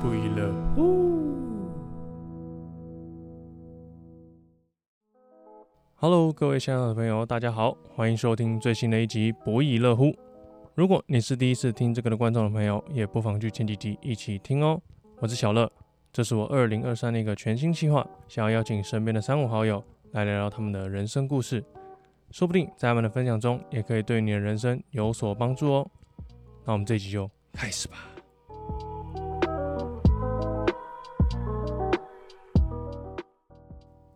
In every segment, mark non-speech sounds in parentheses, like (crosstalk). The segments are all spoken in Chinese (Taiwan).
不亦樂乎。Hello，各位親愛的朋友大家好，歡迎收聽最新的一集《不亦樂乎》。如果你是第一次聽這個的觀眾的朋友，也不妨去前幾集一起聽哦。我是小樂，這是我二零二三的一個全新計劃，想要邀請身邊的三五好友來聊聊他們的人生故事。說不定在他們的分享中，也可以對你的人生有所幫助哦、喔。那我們這一集就開始吧。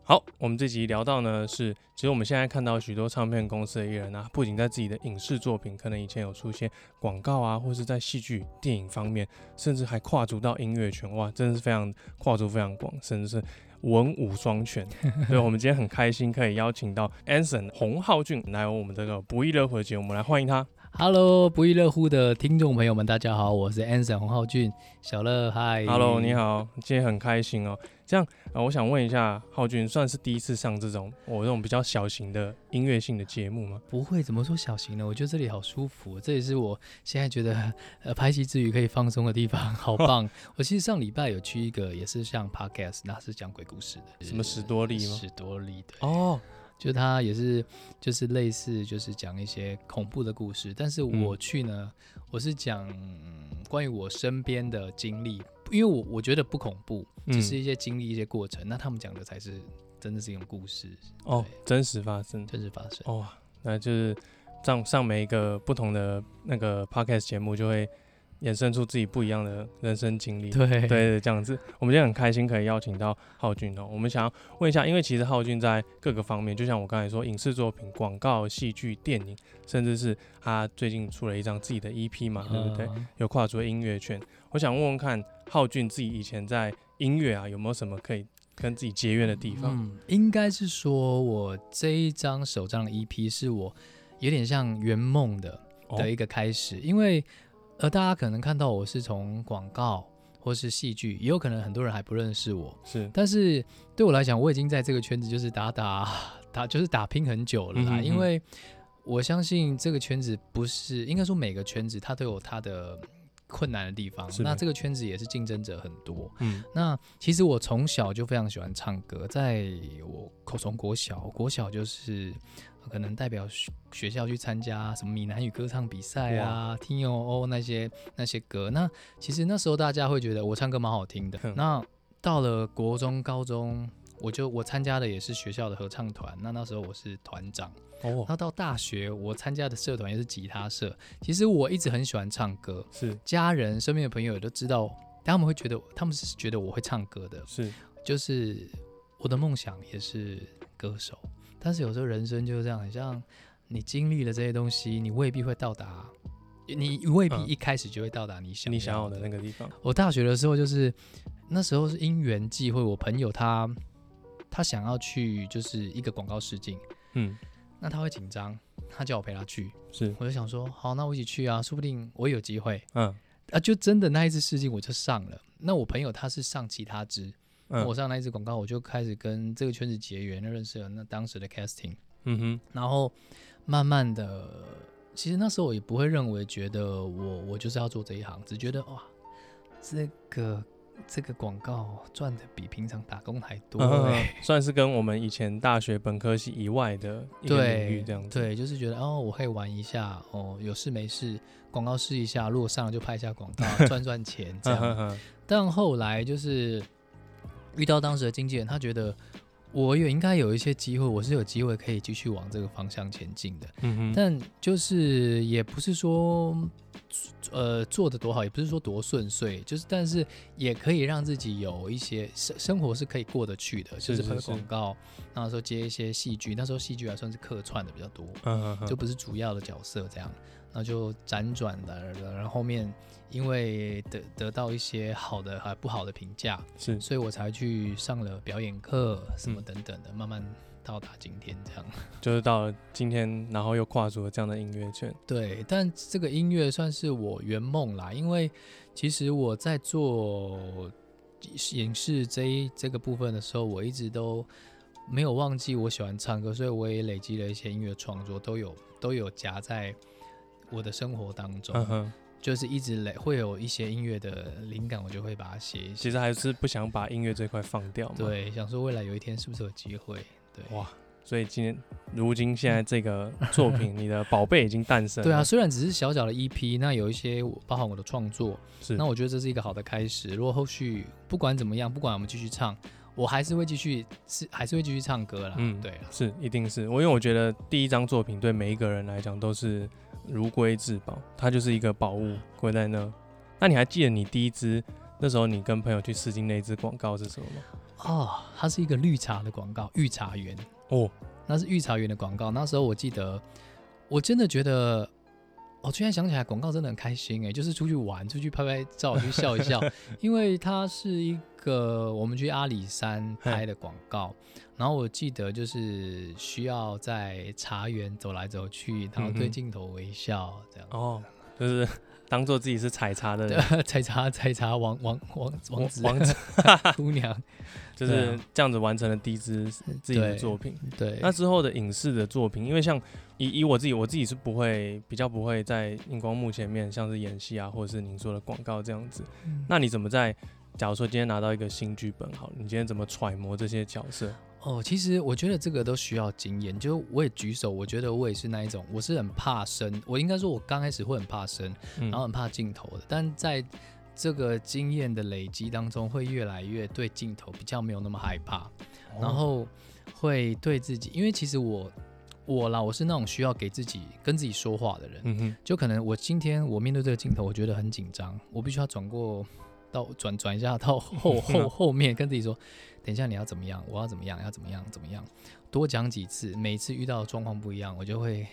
好，我們這集聊到呢是，其實我們現在看到許多唱片公司的藝人啊，不僅在自己的影視作品，可能以前有出現廣告啊，或是在戲劇、電影方面，甚至還跨足到音樂圈哇，真的是非常跨足非常廣，甚至是。文武雙全， (laughs) 所以我們今天很開心可以邀請到 Anson 洪浩竣來我們這個不亦樂乎的節目，我們來歡迎他。哈嘍，不亦樂乎的聽眾朋友們，大家好，我是 Anson 洪浩竣、小樂，嗨。哈嘍，你好，今天很開心哦。這樣啊、呃，我想問一下，浩竣算是第一次上這種我、哦、這種比較小型的音樂性的節目嗎？不會，怎麼說小型呢？我覺得這裡好舒服，這也是我現在覺得呃拍戲之餘可以放鬆的地方，好棒。哦、我其實上禮拜有去一個也是像 Podcast，那是講鬼故事的，什麼史多利嗎？史多利的哦。就他也是，就是類似，就是講一些恐怖的故事。但是我去呢，嗯、我是講關於我身邊的經歷，因為我我覺得不恐怖，只、就是一些經歷、一些過程。嗯、那他們講的才是真的是一種故事哦，真實發生，真實發生哦。那就是上上每一個不同的那個 podcast 節目就會。衍生出自己不一樣的人生經歷，對對對，這樣子。我們今天很開心可以邀請到浩竣哦。我們想要問一下，因為其實浩竣在各個方面，就像我剛才說，影視作品、廣告、戲劇、電影，甚至是他最近出了一張自己的 EP 嘛，嗯、對不對？有跨出音樂圈。我想問問看，浩竣自己以前在音樂啊，有沒有什麼可以跟自己結緣的地方、嗯？應該是說我這一張首張的 EP 是我有點像圓夢的的一個開始，哦、因為。而大家可能看到我是從廣告或是戲劇，也有可能很多人還不認識我。是，但是對我來講，我已經在這個圈子就是打打打，就是打拼很久了啦。嗯嗯，因為我相信這個圈子不是應該說每個圈子它都有它的困難的地方。是嗎。那這個圈子也是競爭者很多。嗯。那其實我從小就非常喜歡唱歌，在我從國小國小就是。可能代表學學校去參加什麼閩南語歌唱比賽啊，Wow. 聽哦、喔、哦、喔、那些那些歌。那其實那時候大家會覺得我唱歌蠻好聽的。嗯、那到了國中、高中，我就我參加的也是學校的合唱團。那那時候我是團長。哦。那到大學，我參加的社團也是吉他社。其實我一直很喜歡唱歌，是家人、身邊的朋友也都知道，他們會覺得他們是覺得我會唱歌的，是就是我的夢想也是歌手。但是有時候人生就是這樣，像你經歷了這些東西，你未必會到達，你未必一開始就會到達你想你想要的，嗯，你想的那個地方。我大學的時候就是那時候是因緣際會，我朋友他他想要去就是一個廣告試鏡，嗯，那他會緊張，他叫我陪他去，是我就想說好，那我一起去啊，說不定我也有機會，嗯啊，就真的那一次試鏡我就上了，那我朋友他是上其他支。嗯、我上那一次廣告，我就開始跟這個圈子結緣，認識了那當時的 casting。嗯哼嗯，然後慢慢的，其實那時候我也不會認為覺得我我就是要做這一行，只覺得哇，這個這個廣告賺的比平常打工還多，欸嗯。算是跟我們以前大學本科系以外的一個領域這樣子對。對，就是覺得哦，我可以玩一下哦，有事沒事廣告試一下，如果上了就拍一下廣告賺賺 (laughs) 錢這樣。嗯、哼但後來就是。遇到當時的經紀人，他覺得我也應該有一些機會，我是有機會可以繼續往這個方向前進的。嗯哼，但就是也不是說，呃，做的多好，也不是說多順遂，就是但是也可以讓自己有一些生生活是可以過得去的，是是是就是拍廣告，那時候接一些戲劇，那時候戲劇還算是客串的比較多，啊、呵呵就不是主要的角色這樣，那就輾轉的，然後後面。因為得得到一些好的和不好的評價，是，所以我才去上了表演課什麼等等的，嗯、慢慢到達今天這樣，就是到了今天，然後又跨出了這樣的音樂圈。對，但這個音樂算是我圓夢啦，因為其實我在做影視這一這個部分的時候，我一直都沒有忘記我喜歡唱歌，所以我也累積了一些音樂創作，都有都有夾在我的生活當中。嗯就是一直累，會有一些音樂的靈感，我就會把它寫。其實還是不想把音樂這塊放掉嘛。對，想說未來有一天是不是有機會？對哇，所以今天如今現在這個作品， (laughs) 你的寶貝已經誕生了。對啊，雖然只是小小的 EP，那有一些我包含我的創作，是。那我覺得這是一個好的開始。如果後續不管怎麼樣，不管我們繼續唱，我還是會繼續是，還是會繼續唱歌啦。嗯，對啦，是，一定是我，因為我覺得第一張作品對每一個人來講都是。如瑰至寶，它就是一個寶物，貴、嗯、在那。那你還記得你第一支那時候你跟朋友去試鏡那一支廣告是什麼嗎？哦，它是一個綠茶的廣告，御茶園哦，那是御茶園的廣告。那時候我記得，我真的覺得。我突然想起來，哦，廣告真的很開心哎，就是出去玩，出去拍拍照，去笑一笑。 (laughs) 因為它是一個我們去阿里山拍的廣告，嘿然後我記得就是需要在茶園走來走去，然後對鏡頭微笑這樣，嗯嗯。哦，就是。當做自己是採茶的人，採茶採茶王王王王子王，王子 (laughs) 姑娘，就是這樣子完成了第一支自己的作品。對，對那之後的影視的作品，因為像以以我自己，我自己是不會比較不會在熒光幕前面，像是演戲啊，或者是您說的廣告這樣子。嗯、那你怎麼在？假如說今天拿到一個新劇本，好，你今天怎麼揣摩這些角色？哦，其實我覺得這個都需要經驗。就我也舉手，我覺得我也是那一種，我是很怕生，我應該說，我剛開始會很怕生，嗯、然後很怕鏡頭的。但在這個經驗的累積當中，會越來越對鏡頭比較沒有那麼害怕，哦、然後會對自己，因為其實我我啦，我是那種需要給自己跟自己說話的人。嗯哼、就可能我今天我面對這個鏡頭，我覺得很緊張，我必須要轉過。到轉轉一下，到後後後面跟自己說，等一下你要怎麼樣，我要怎麼樣，要怎麼樣怎麼樣，多講幾次，每次遇到狀況不一樣，我就會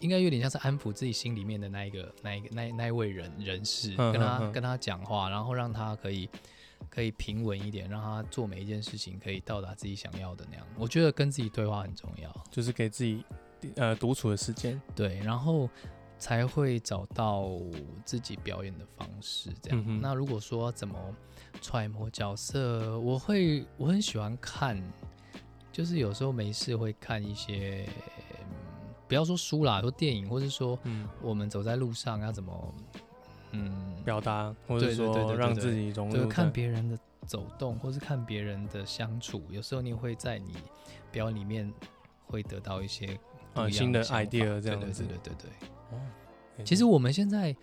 應該有點像是安撫自己心裡面的那一個那一個那那一位人人士，跟他跟他講話，然後讓他可以可以平穩一點，讓他做每一件事情可以到達自己想要的那樣。我覺得跟自己對話很重要，就是給自己呃獨處的時間。對，然後。才會找到自己表演的方式。這樣，嗯、哼那如果說要怎麼揣摩角色，我會我很喜歡看，就是有時候沒事會看一些，嗯，不要說書啦，說電影，或是說我們走在路上要怎麼嗯表達，或者說讓自己融入，就是，看別人的走動，對或是看別人的相處。有時候你會在你表裡面會得到一些呃、啊、新的 idea，這樣子，對，對對對對。哦，其實我們現在，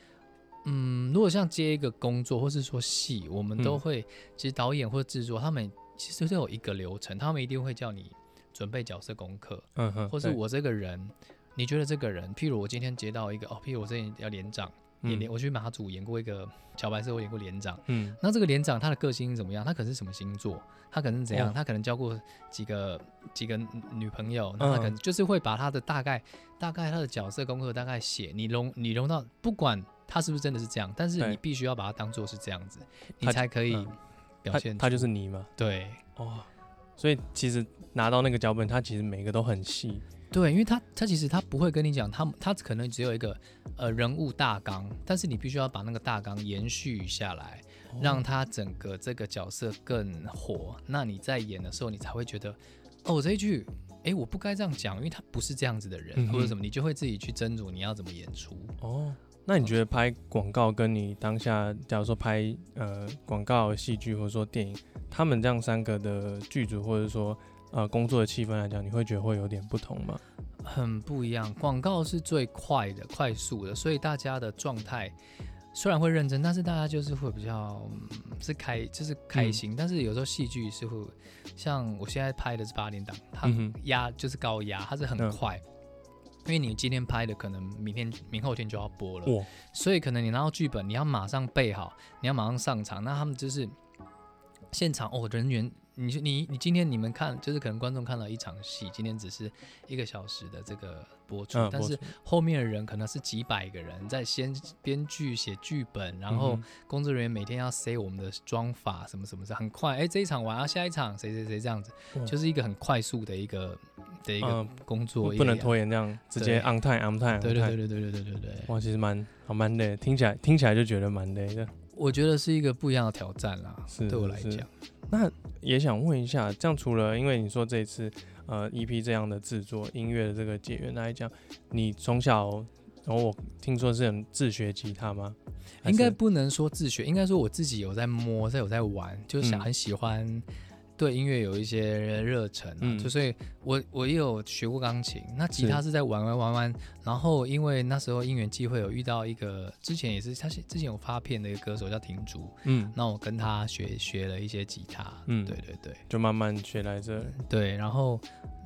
嗯，如果像接一個工作或是說戲，我們都會，嗯、其實導演或制作他們其實都有一個流程，他們一定會叫你準備角色功課、嗯，嗯，或是我這個人，對你覺得這個人，譬如我今天接到一個哦，譬如我這裡要連長。演，嗯、我去馬祖演過一個喬白，我演過連長。嗯，那這個連長他的個性怎麼樣？他可能是什麼星座？他可能怎樣？要他可能交過幾個幾個女朋友？那他可能就是會把他的大概，嗯、大概他的角色功課大概寫。你融你融到不管他是不是真的是這樣，但是你必須要把他當做是這樣子，嘿你才可以表現他，呃他。他就是你嘛。對，哦，所以其實拿到那個腳本，他其實每一個都很細。對，因為他他其實他不會跟你講，他他可能只有一個呃人物大綱，但是你必須要把那個大綱延續下來，哦、讓他整個這個角色更火。那你在演的時候，你才會覺得哦，我這一句哎，我不該這樣講，因為他不是這樣子的人，嗯、哼或者什麼，你就會自己去斟酌你要怎麼演出。哦，那你覺得拍廣告跟你當下，假如說拍呃廣告、戲劇或者說電影，他們這樣三個的劇組，或者說。呃，工作的氣氛來講，你會覺得會有點不同嗎？很不一樣，廣告是最快的、快速的，所以大家的狀態雖然會認真，但是大家就是會比較、嗯、是開，就是開心。嗯、但是有時候戲劇似乎像我現在拍的是八點檔，它壓就是高壓，它是很快，嗯、因為你今天拍的可能明天、明後天就要播了，哦、所以可能你拿到劇本，你要馬上背好，你要馬上上場。那他們就是現場哦，人員。你你你今天你們看就是可能觀眾看到一場戲，今天只是一個小時的這個播出，嗯、但是後面的人可能是幾百個人在先編劇寫劇本，然後工作人員每天要 say 我們的妝髮什麼什麼的，很快哎、欸、這一場完了、啊、下一場誰誰誰這樣子，對就是一個很快速的一個的一個工作、呃，不能拖延這樣直接 on time 對 on time。對對對，對對對對對對對，哇其實蠻好蠻累，聽起來聽起來就覺得蠻累的。我覺得是一個不一樣的挑戰啦，是是是對我來講。那也想問一下，這樣除了因為你說這次，呃，EP 這樣的制作音樂的這個結緣來講，你從小，然後，哦，我聽說是很自學吉他嗎？應該不能說自學，應該說我自己有在摸，在有在玩，就是想很喜歡、嗯。對音樂有一些熱忱，啊嗯、就所以我我也有學過鋼琴，那吉他是在玩玩玩玩，是然後因為那時候因緣際會有遇到一個之前也是他之前有發片的一個歌手叫婷竹，嗯，那我跟他學學了一些吉他，嗯，對對對，就慢慢學來着，嗯、對，然後。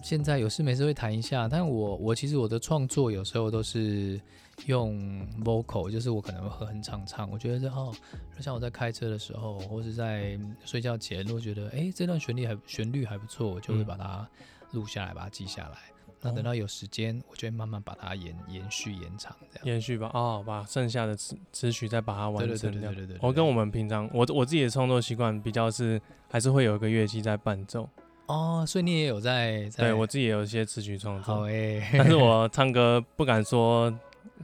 現在有事沒事會彈一下，但我我其實我的創作有時候都是用 vocal，就是我可能會哼哼唱唱。我覺得是哦，就像我在開車的時候，或是在睡覺前，我覺得哎、欸、這段旋律還旋律還不錯，我就會把它錄下來，把它記下來。嗯、那等到有時間，我就會慢慢把它延延續延長這樣。延續吧，哦，把剩下的詞詞曲再把它完成掉對，對，我跟我們平常我我自己的創作習慣比較是還是會有一個樂器在伴奏。哦，oh, 所以你也有在，在對，我自己也有一些詞曲創作，好哎、欸， (laughs) 但是我唱歌不敢說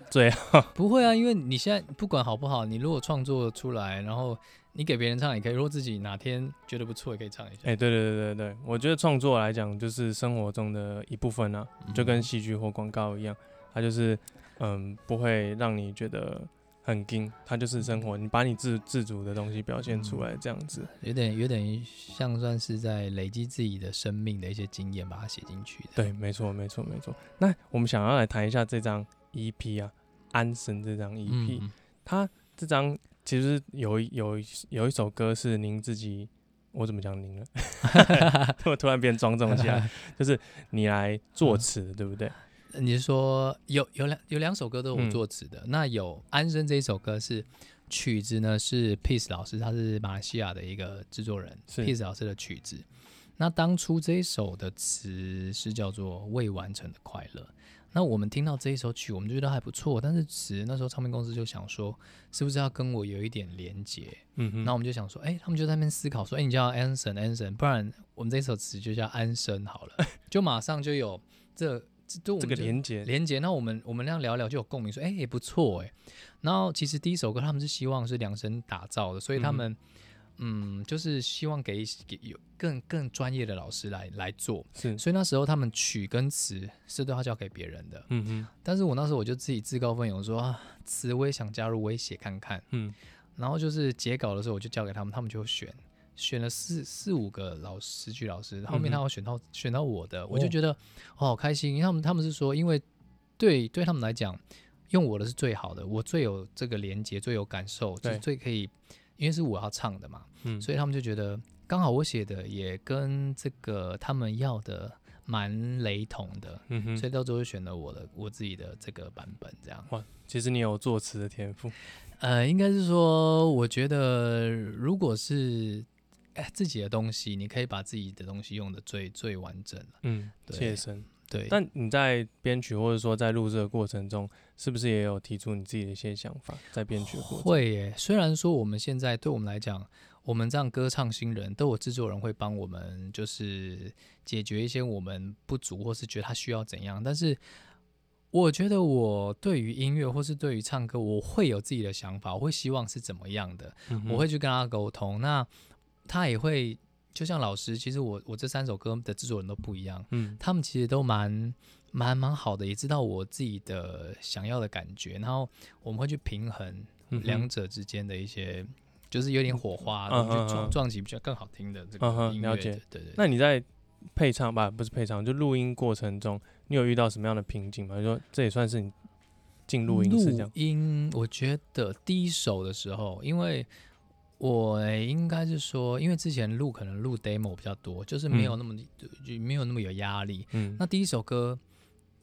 最好。不會啊，因為你現在不管好不好，你如果創作出來，然後你給別人唱也可以，如果自己哪天覺得不錯也可以唱一下。哎、欸，對對對對對，我覺得創作來講就是生活中的一部分啊，就跟戲劇或廣告一樣，它就是嗯不會讓你覺得。很勁，它就是生活。你把你自自主的東西表現出來，這樣子、嗯、有點有點像算是在累積自己的生命的一些經驗，把它寫進去的。對，沒錯，沒錯，沒錯。那我們想要來談一下這張 EP 啊，安身這張 EP, 嗯嗯《安身》這張 EP，它這張其實有有有一首歌是您自己，我怎麼講您呢？哈，怎 (laughs) 麼 (laughs) (laughs) 突然變莊重起來？就是你來作詞，嗯、對不對？你是說有有兩有兩首歌都是我作詞的，嗯、那有安身這一首歌是曲子呢是 peace 老師，他是馬來西亞的一個製作人是，peace 老師的曲子。那當初這一首的詞是叫做未完成的快樂。那我們聽到這一首曲，我們就覺得還不錯。但是詞那時候唱片公司就想說，是不是要跟我有一點連接？嗯那哼我們就想說，哎、欸，他們就在那邊思考說，哎、欸，你叫 Anson Anson，不然我們這一首詞就叫安身好了。就馬上就有這。結這個連結連結。那我們我們這樣聊一聊就有共鳴，說、欸、哎也不錯哎、欸。然後其實第一首歌他們是希望是量身打造的，所以他們嗯，嗯就是希望給，給有更更專業的老師來來做。是，所以那時候他們曲跟詞是都要交給別人的。嗯哼但是我那時候我就自己自告奮勇說啊，詞我也想加入，我也寫看看。嗯。然後就是截稿的時候我就交給他們，他們就會選。選了四四五個老師，十句老師後面他要選到選到我的，嗯哦、我就覺得好開心。因為他們他們是說，因為對對他們來講，用我的是最好的，我最有這個連接，最有感受，最、就是、最可以，對因為是我要唱的嘛，嗯，所以他們就覺得剛好我寫的也跟這個他們要的蠻雷同的，嗯哼所以到最後就選了我的我自己的這個版本這樣。哇，其實你有作詞的天賦，呃，應該是說，我覺得如果是。哎，自己的東西，你可以把自己的東西用得最最完整了。嗯，對，切身。對。但你在編曲或者說在錄製的過程中，是不是也有提出你自己的一些想法？在編曲會耶、欸。雖然說我們現在對我們來講，我們這樣歌唱新人都有制作人會幫我們，就是解決一些我們不足或是覺得他需要怎樣。但是我覺得我對於音樂或是對於唱歌，我會有自己的想法，我會希望是怎麼樣的，嗯哼。我會去跟他溝通。那。他也會就像老師，其實我我這三首歌的制作人都不一樣，嗯，他們其實都蠻蠻蠻好的，也知道我自己的想要的感覺，然後我們會去平衡兩者之間的一些，嗯、就是有點火花，嗯、然撞、嗯、撞擊比較更好聽的這個音樂。嗯對嗯、了解，對，對對。那你在配唱吧、啊，不是配唱，就錄音過程中，你有遇到什麼樣的瓶頸嗎？你說這也算是你進錄音室這樣。音，我覺得第一首的時候，因為。我、欸、應該是說，因為之前錄可能錄 demo 比較多，就是沒有那麼、嗯、就沒有那麼有壓力。嗯、那第一首歌，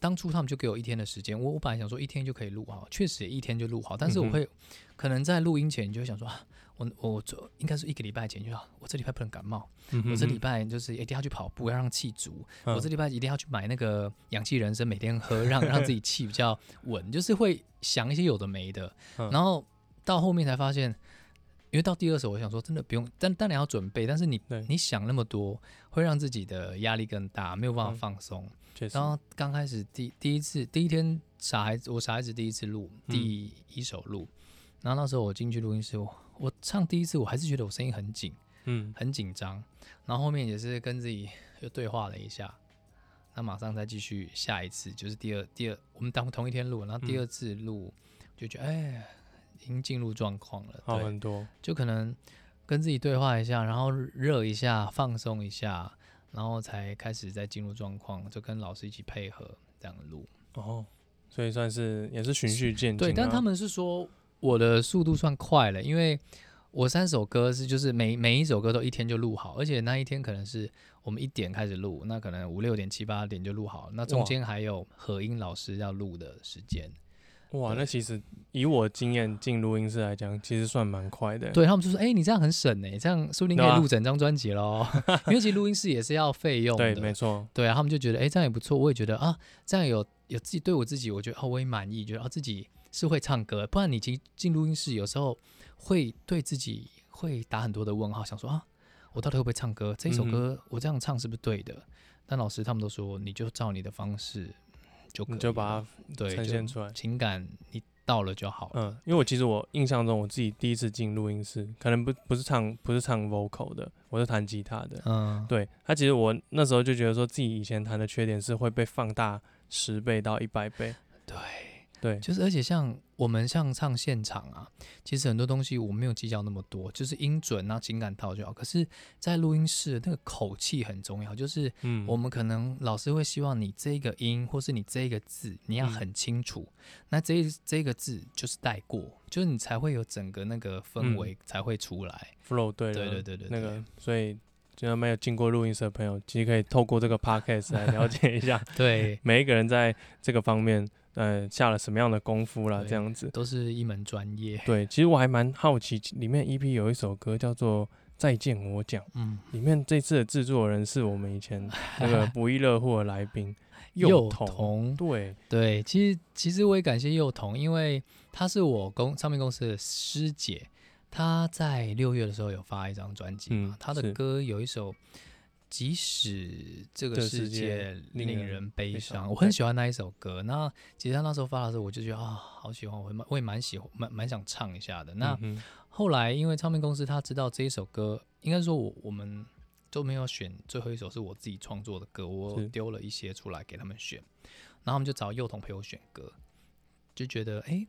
當初他們就給我一天的時間，我我本來想說一天就可以錄好，確實也一天就錄好。但是我會、嗯、哼可能在錄音前，就就會想說，啊、我我這應該是一個禮拜前就要、啊，我這禮拜不能感冒，嗯、哼我這禮拜就是一定要去跑步，要讓氣足。嗯、我這禮拜一定要去買那個養氣人參，每天喝，讓讓自己氣比較穩， (laughs) 就是會想一些有的沒的。嗯、然後到後面才發現。因為到第二首，我想說，真的不用，但當然要準備。但是你對你想那麼多，會讓自己的壓力更大，沒有辦法放鬆。嗯、然後剛開始第第一次第一天小孩子，我小孩子第一次錄第一首錄，嗯、然後那時候我進去錄音室，我，我唱第一次，我還是覺得我聲音很緊，嗯、很緊張。然後後面也是跟自己又對話了一下，那馬上再繼續下一次，就是第二第二我們當同一天錄，然後第二次錄，嗯、就覺得哎。已經進入狀況了，對，好很多，就可能跟自己對話一下，然後熱一下，放鬆一下，然後才開始再進入狀況，就跟老師一起配合這樣錄。哦，所以算是也是循序漸進啊。對，但他們是說我的速度算快了，因為我三首歌是就是每每一首歌都一天就錄好，而且那一天可能是我們一點開始錄，那可能五六點七八點就錄好，那中間還有和音老師要錄的時間。哇，那其實以我經驗進錄音室來講，其實算蠻快的，欸。對，他們就說：“哎，欸，你這樣很省哎，欸，這樣說不定可以錄整張專輯嘍，啊， (laughs) 因為其實錄音室也是要費用的。”對，沒錯。對啊，他們就覺得：“哎，欸，這樣也不錯。”我也覺得啊，這樣有有自己對我自己，我覺得啊，我也滿意，覺得啊自己是會唱歌。不然你進進錄音室有時候會對自己會打很多的問號，想說啊，我到底會不會唱歌？這一首歌我這樣唱是不是對的？嗯，哼但老師他們都說，你就照你的方式。就你就把它呈現出來，情感一到了就好了。嗯，因為我其實我印象中，我自己第一次進錄音室，可能不不是唱不是唱 vocal 的，我是彈吉他的。嗯，對他、啊、其實我那時候就覺得說自己以前彈的缺點是會被放大十倍到一百倍。對。對，就是而且像我們像唱現場啊，其實很多東西我沒有計較那麼多，就是音準啊、情感套就好。可是，在錄音室的那個口氣很重要，就是我們可能老師會希望你這個音，或是你這一個字，你要很清楚。嗯、那這這一個字就是帶過，就是你才會有整個那個氛圍才會出來。嗯、Flow，對，對了對對了對，那個所以，就沒有經過錄音室的朋友，其實可以透過這個 podcast 來了解一下， (laughs) 對每一個人在這個方面。呃，下了什麼樣的功夫啦？對這樣子都是一門專業。對，其實我還蠻好奇，裡面 EP 有一首歌叫做《再見我講》，嗯，裡面這次的製作的人是我們以前那個不亦樂乎的來賓幼 (laughs) 童。幼童對對，其實其實我也感謝幼童，因為她是我公唱片公司的師姐，她在六月的時候有發一張專輯嘛，她、嗯、的歌有一首。即使這個世界令人悲傷，悲，我很喜歡那一首歌。對那其實他那時候發的時候，我就覺得啊，好喜歡，我蠻，我也蠻喜歡，蠻蠻想唱一下的。那、嗯、哼後來因為唱片公司他知道這一首歌，應該說我我們都沒有選，最後一首是我自己創作的歌，我丟了一些出來給他們選，是然後我們就找幼童陪我選歌，就覺得哎，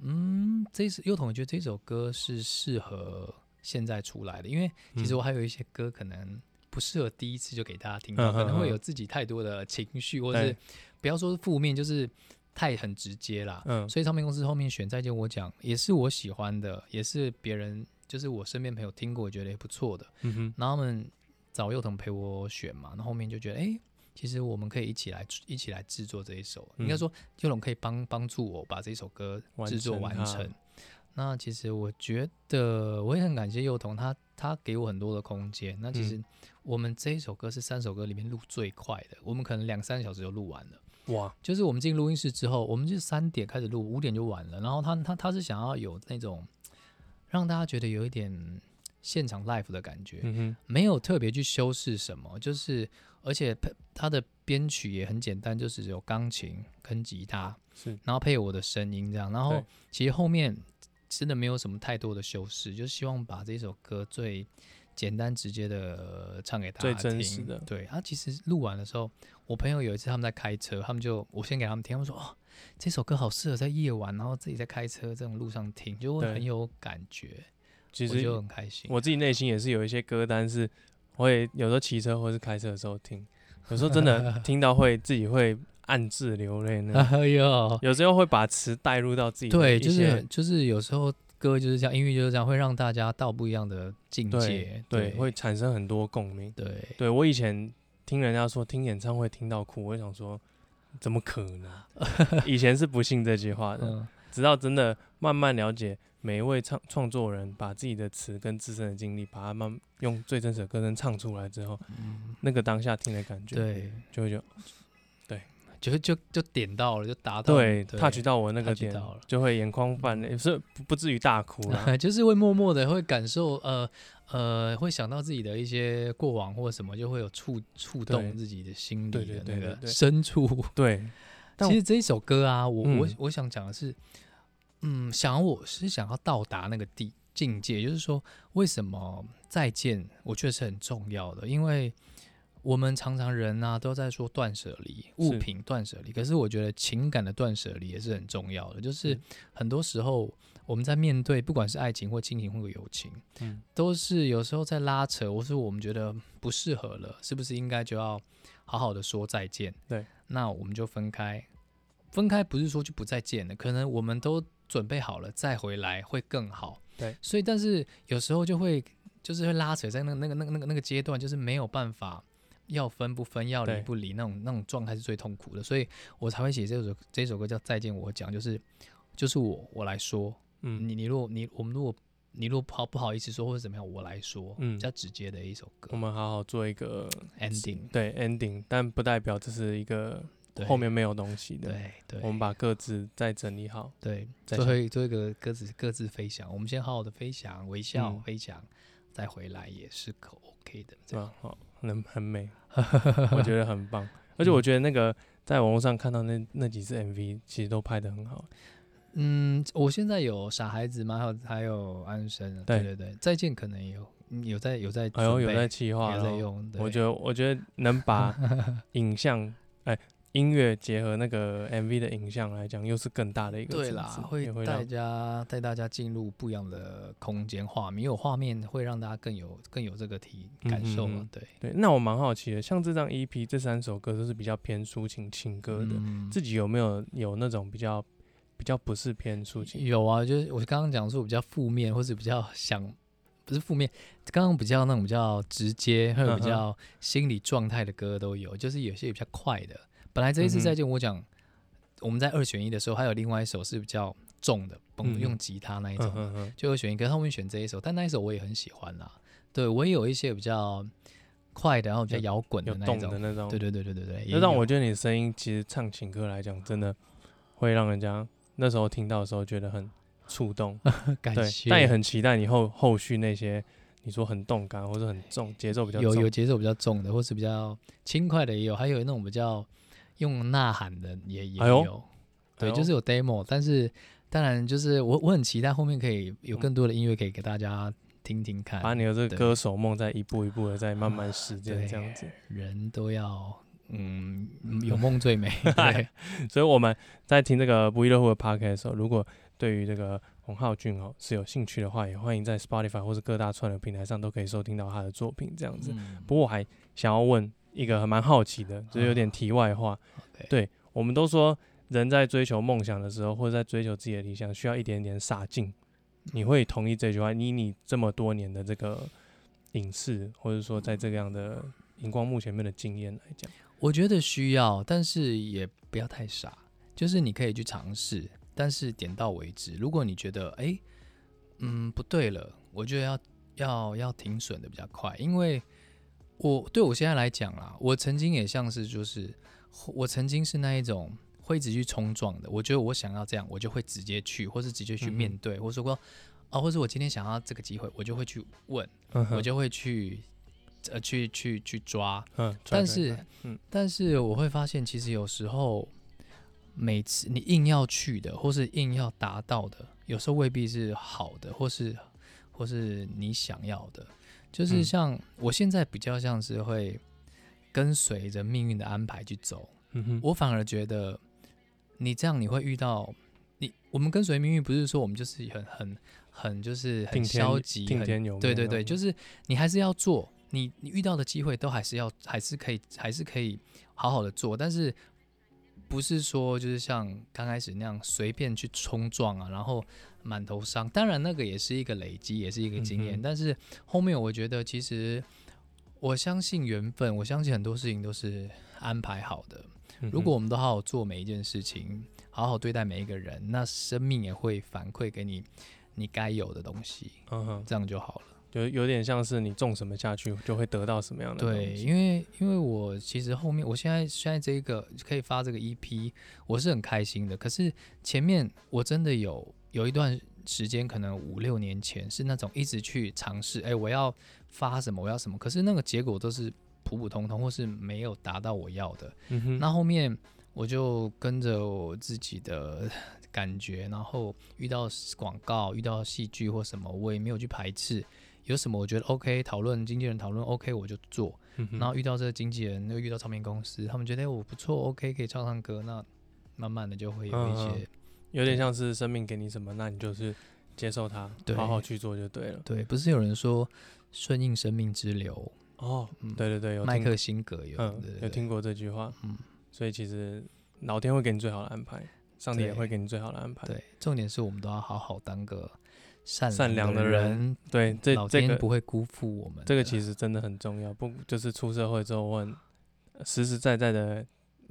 嗯，這首幼童覺得這首歌是適合現在出來的，因為其實我還有一些歌可能。不適合第一次就給大家聽，可能會有自己太多的情緒，呵呵呵或者是對不要說負面，就是太很直接啦。嗯、所以唱片公司後面選再見我講，也是我喜歡的，也是別人就是我身邊朋友聽過覺得也不錯的。嗯、哼然後他們找幼童陪我選嘛，那後，後面就覺得哎、欸，其實我們可以一起來一起來制作這一首。嗯、應該說幼童可以幫幫助我把這首歌制作完成。完成那其實我覺得我也很感謝幼童他。他給我很多的空間。那其實我們這一首歌是三首歌裡面錄最快的，我們可能兩三個小時就錄完了。哇！就是我們進錄音室之後，我們就三點開始錄，五點就完了。然後他他他是想要有那種讓大家覺得有一點現場 live 的感覺，嗯哼，沒有特別去修飾什麼，就是而且他的編曲也很簡單，就是有鋼琴跟吉他，是然後配有我的聲音這樣。然後其實後面。真的沒有什麼太多的修飾，就希望把這首歌最簡單直接的唱給他聽。最真實的，對。啊，其實錄完的時候，我朋友有一次他們在開車，他們就我先給他們聽，他們說：“哦，這首歌好適合在夜晚，然後自己在開車這種路上聽，就會很有感覺。對”其實就很開心。我自己內心也是有一些歌單，是會有時候騎車或是開車的時候聽，有時候真的聽到會自己會。暗自流淚呢，有有時候會把詞帶入到自己的對，就是就是有時候歌就是這樣，音樂就是這樣，會讓大家到不一樣的境界，對，會產生很多共鳴。對，對我以前聽人家說聽演唱會聽到哭，我想說怎麼可能啊？以前是不信這句話的，直到真的慢慢了解每一位創創作人把自己的詞跟自身的經歷，把它慢慢用最真實的歌聲唱出來之後，那個當下聽的感覺，對，就就。就就就點到了，就達到了，對，touch 到我那個點到了，就會眼眶泛淚，嗯、也是不至於大哭，啊啊、就是會默默的會感受，呃呃，會想到自己的一些過往或什麼，就會有觸觸動自己的心裡的那個深處。對，其實這一首歌啊，我我我想講的是，嗯，嗯，想我是想要到達那個地境界，就是說，為什麼再見我確實很重要的，因為。我們常常人啊都在說斷捨離，物品斷捨離，是，可是我覺得情感的斷捨離也是很重要的。就是很多時候我們在面對，不管是愛情或親情或友情，嗯，都是有時候在拉扯。我說我們覺得不適合了，是不是應該就要好好的說再見？對，那我們就分開。分開不是說就不再見了，可能我們都準備好了再回來會更好。對，所以但是有時候就會就是會拉扯在那個、那個那個那個那個階段，就是沒有辦法。要分不分，要離不離對，那種那種狀態是最痛苦的，所以我才會寫這首這首歌叫《再見》，我講就是就是我我來說，嗯，你你如果你我們如果你如果不好不好意思說或者怎麼樣，我來說，嗯，比較直接的一首歌。我們好好做一個 ending，對 ending，但不代表這是一個後面沒有東西的，對，對對我們把各自再整理好，對，再講做一個各自各自飛翔，我們先好好的飛翔，微笑飛翔，嗯，再回來也是可 OK 的，這樣、個嗯、好。能很美， (laughs) 我覺得很棒，而且我覺得那個在網絡上看到那那幾支 MV，其實都拍得很好。嗯，我現在有傻孩子，蠻好，還有安身、對對對，對對對，再見可能也有有在有在有，哎，有在企劃在用。對，我覺得我覺得能把影像哎。 (laughs) 欸音樂結合那個 MV 的影像來講，又是更大的一個對啦，會帶大家帶大家進入不一樣的空間畫面，因為畫面會讓大家更有更有這個體感受嘛？嗯、哼對對，那我蠻好奇的，像這張 EP 這三首歌都是比較偏抒情情歌的，嗯、自己有沒有有那種比較比較不是偏抒情？有啊，就是我剛剛講說比較負面，或是比較想不是負面，剛剛比較那種比較直接，還有比較心理狀態的歌都有，嗯、哼就是有些比較快的。本來這一次再見，我講我們在二選一的時候，還有另外一首是比較重的，不用吉他那一種，就二選一，可是後面選這一首，但那一首我也很喜歡啦。對我也有一些比較快的，然後比較搖滾的，的那種，那種，對對對對對對。那讓我覺得你的聲音其實唱情歌來講，真的會讓人家那時候聽到的時候覺得很觸動。 (laughs) 感受對但也很期待你後後續那些你說很動感或者很重節奏比較重有有節奏比較重的，或是比較輕快的也有，還有那種比較。用吶喊的也也有，哎、呦對，就是有 demo，、哎、呦但是當然就是我我很期待後面可以有更多的音樂可以給大家聽聽看，把你的這個歌手夢再對一步一步的再慢慢實現這樣子。人都要嗯， (laughs) 嗯有夢最美，對 (laughs) 所以我們在聽這個不亦樂乎的 Podcast 的時候，如果對於這個洪浩竣哦、喔、是有興趣的話，也歡迎在 Spotify 或是各大串流平台上都可以收聽到他的作品這樣子。嗯、不過我還想要問。一個還蠻好奇的，就是有點題外話。Oh, okay. 對我們都說，人在追求夢想的時候，或者在追求自己的理想，需要一點點傻勁，你會同意這句話？以你這麼多年的這個影視，或者說在這樣的熒光幕前面的經驗來講，我覺得需要，但是也不要太傻。就是你可以去嘗試，但是點到為止。如果你覺得，哎、欸，嗯，不對了，我覺得要要要停損的比較快，因為。我對我現在來講啦，我曾經也像是就是，我曾經是那一種會直接衝撞的。我覺得我想要這樣，我就會直接去，或是直接去面對，嗯、哼或說過啊、哦，或是我今天想要這個機會，我就會去問，嗯、哼我就會去呃去去去抓。嗯，但是，嗯、但是我會發現，其實有時候每次你硬要去的，或是硬要達到的，有時候未必是好的，或是或是你想要的。就是像我現在比較像是會跟隨着命運的安排去走，嗯、哼我反而覺得你這樣你會遇到你，我們跟隨命運不是說我們就是很很很就是很消極，很對對對，就是你還是要做，你你遇到的機會都還是要還是可以還是可以好好的做，但是。不是說就是像剛開始那樣隨便去衝撞啊，然後滿頭傷。當然那個也是一個累積，也是一個經驗。嗯哼。但是後面我覺得，其實我相信緣分，我相信很多事情都是安排好的。嗯哼。如果我們都好好做每一件事情，好好對待每一個人，那生命也會反饋給你你該有的東西。嗯哼，這樣就好了。就有點像是你種什麼下去，就會得到什麼樣的東西。對，因為因為我其實後面，我現在現在這一個可以發這個 EP，我是很開心的。可是前面我真的有有一段時間，可能五六年前是那種一直去嘗試，哎、欸，我要發什麼，我要什麼。可是那個結果都是普普通通，或是沒有達到我要的。嗯哼。那後面我就跟着我自己的感覺，然後遇到廣告、遇到戲劇或什麼，我也沒有去排斥。有什麼我覺得 OK，討論經紀人討論 OK，我就做。然後遇到這個經紀人，又遇到唱片公司，他們覺得我不錯，OK，可以唱唱歌。那慢慢的就會有一些，有點像是生命給你什麼，那你就是接受它，好好去做就對了。對，不是有人說順應生命之流？哦，對對對，麥克辛格有，有聽過這句話。嗯，所以其實老天會給你最好的安排，上帝也會給你最好的安排。對，重點是我們都要好好當個。善良的人，人老對這這應該、個、不會辜負我們、啊。這個其實真的很重要，不就是出社會之後，問實實在在，在的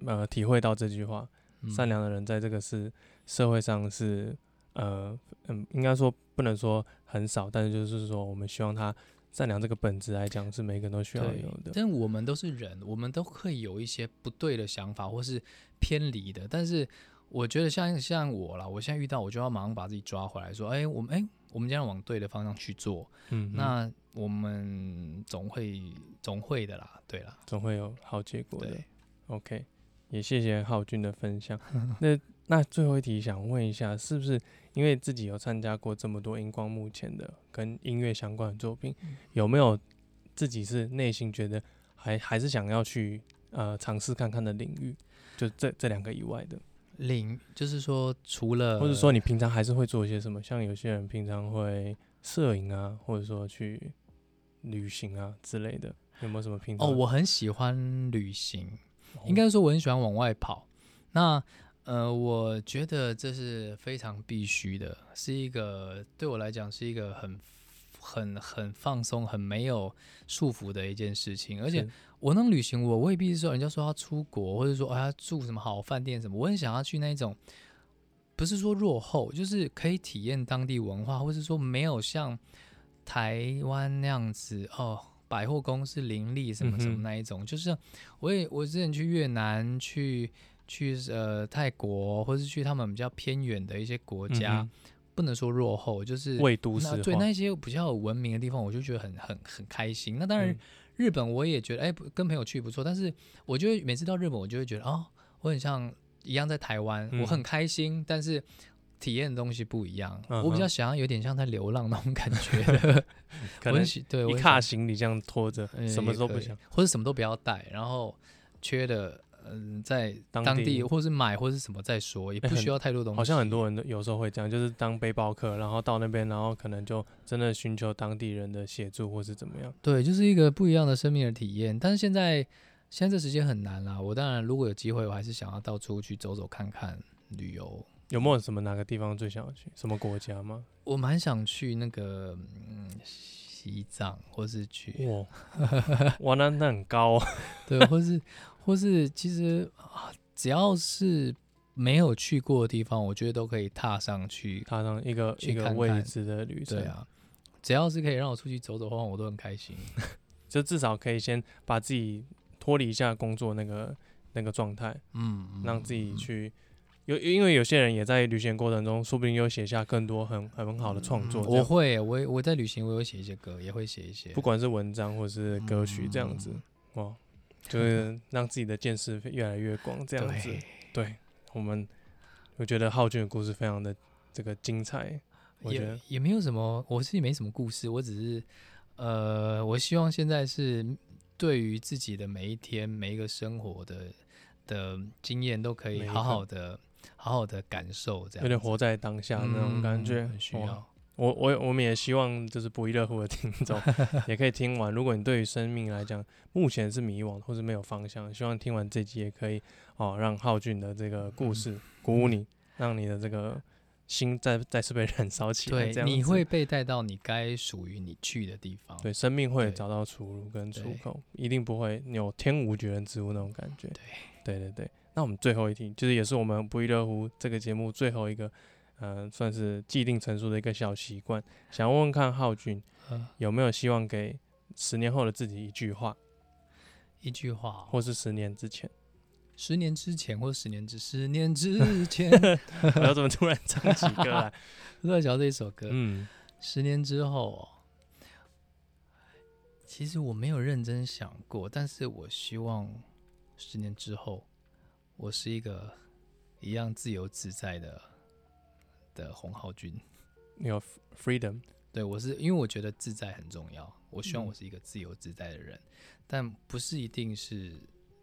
呃體會到這句話：嗯、善良的人在這個是社會上是呃嗯，應該說不能說很少，但是就是說我們希望他善良這個本質來講，是每個人都需要有的。但我們都是人，我們都可以有一些不對的想法或是偏離的。但是我覺得像像我啦，我現在遇到，我就要馬上把自己抓回來，說：哎，我們哎。我們這樣往對的方向去做，嗯哼，那我們總會總會的啦，對啦，總會有好結果的。對 OK，也謝謝浩竣的分享。 (laughs) 那那最後一題想問一下，是不是因為自己有參加過這麼多熒光幕前的跟音樂相關的作品，嗯、有沒有自己是內心覺得還還是想要去呃嘗試看看的領域？就這這兩個以外的。零，就是說，除了或者說你平常還是會做一些什麼，像有些人平常會攝影啊，或者說去旅行啊之類的，有沒有什麼平常？哦，我很喜歡旅行，哦、應該說我很喜歡往外跑。那呃，我覺得這是非常必須的，是一個對我來講是一個很很很放鬆、很沒有束縛的一件事情，而且。我能旅行，我，我未必是說人家說要出國，或者說哎要、哦、住什麼好飯店什麼。我很想要去那一種，不是說落後，就是可以體驗當地文化，或是說沒有像台灣那樣子哦，百貨公司林立什麼什麼那一種。嗯、哼就是我也我之前去越南去、去呃泰國，或是去他們比較偏遠的一些國家，嗯、哼不能說落後，就是那對那些比較有文明的地方，我就覺得很很很開心。那當然。嗯日本我也覺得，哎、欸，跟朋友去不錯。但是我就會每次到日本，我就會覺得，哦，我很像一樣在台灣，嗯、我很開心，但是體驗的東西不一樣。嗯、哼我比較想要有點像在流浪那種感覺，可能對我一卡行李這樣拖着，什麼都不想，欸、或者什麼都不要帶，然後缺的。嗯，在當地，或是買，或是什麼，再說，也不需要太多東西。欸，好像很多人都有時候會這樣，就是當背包客，然後到那邊，然後可能就真的尋求當地人的協助，或是怎麼樣。對，就是一個不一樣的生命的體驗。但是現在，現在這時間很難啦。我當然，如果有機會，我還是想要到處去走走看看旅、旅遊。有沒有什麼哪個地方最想要去？什麼國家嗎？我蠻想去那個嗯，西藏，或是去，哇，哦、 (laughs) 哇，那，那個很高，對，或是。 (laughs) 或是其實啊，只要是沒有去過的地方，我覺得都可以踏上去，踏上一個看看一個未知的旅程。對啊，只要是可以讓我出去走走晃晃，我都很開心。 (laughs) 就至少可以先把自己脫離一下工作那個那個狀態，嗯，嗯，讓自己去。有因為有些人也在旅行過程中，說不定又寫下更多很很好的創作。我會，我我在旅行，我也會寫一些歌，也會寫一些，不管是文章或是歌曲這樣子，哦、嗯。哇就是讓自己的見識越來越廣，這樣子。對。對，我們我覺得浩竣的故事非常的這個精彩。我覺得也，也沒有什麼，我自己沒什麼故事，我只是，呃，我希望現在是對於自己的每一天、每一個生活的的經驗，都可以好好的、好好的感受，這樣有點活在當下那種感覺，嗯、很需要。哦我我我們也希望就是不亦樂乎的聽眾也可以聽完。如果你對於生命來講目前是迷惘或者沒有方向，希望聽完這集也可以哦，讓浩竣的這個故事鼓舞你，嗯，讓你的這個心再再次被燃燒起來。對，你會被帶到你該屬於你去的地方。對，生命會找到出路跟出口，一定不會有天無絕人之路那種感覺。對，對對對，那我們最後一題就是也是我們不亦樂乎這個節目最後一個。嗯、呃，算是既定成熟的一個小習慣。想問問看，浩竣有沒有希望給十年後的自己一句話？啊、一句話、哦，或是十年之前？十年之前，或十年之十年之前。然後怎麼突然唱起歌來、啊？我想到這一首歌。嗯，十年之後，其實我沒有認真想過，但是我希望十年之後，我是一個一樣自由自在的。的洪浩竣，Your freedom，對，我是因為我覺得自在很重要，我希望我是一個自由自在的人，嗯、但不是一定是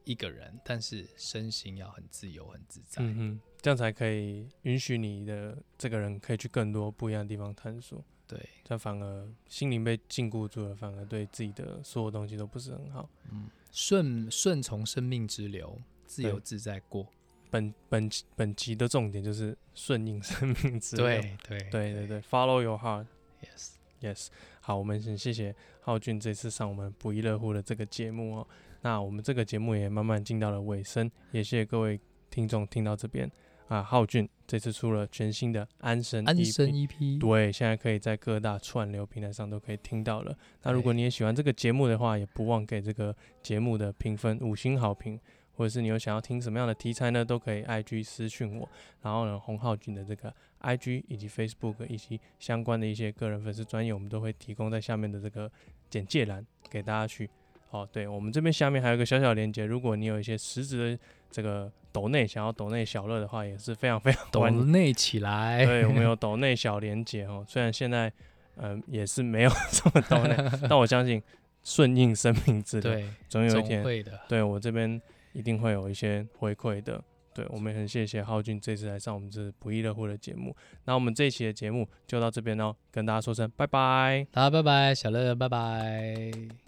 一個人，但是身心要很自由很自在，嗯，這樣才可以允許你的這個人可以去更多不一樣的地方探索。對，這反而心靈被禁錮住了，反而對自己的所有東西都不是很好，嗯，順順從生命之流，自由自在過。本本集本集的重點就是順應生命之流，對對，對對對對對，Follow your heart，Yes Yes。Yes. 好，我們先謝謝浩竣這次上我們不亦樂乎的這個節目哦。那我們這個節目也慢慢進到了尾聲，也謝謝各位聽眾聽到這邊啊。浩竣這次出了全新的安身 EP, 安身 EP，對，現在可以在各大串流平台上都可以聽到了。對那如果你也喜歡這個節目的話，也不忘給這個節目的評分，五星好評。或者是你有想要聽什麼樣的題材呢？都可以 I G 私訊我。然後呢，洪浩竣的這個 I G 以及 Facebook 以及相關的一些個人粉絲專頁，我們都會提供在下面的這個簡介欄給大家去。哦，對，我們這邊下面還有一個小小連接，如果你有一些實質的這個抖內想要抖內小樂的話，也是非常非常抖內起來對。對我們有抖內小連接哦， (laughs) 雖然現在嗯、呃、也是沒有 (laughs) 這麼抖內，但我相信順應生命之流對，總有一天會的。對我這邊。一定會有一些回饋的，對我們也很謝謝浩竣這次來上我們這不亦樂乎的節目。那我們這一期的節目就到這邊嘍，跟大家說聲拜拜，好，拜拜，小樂拜拜。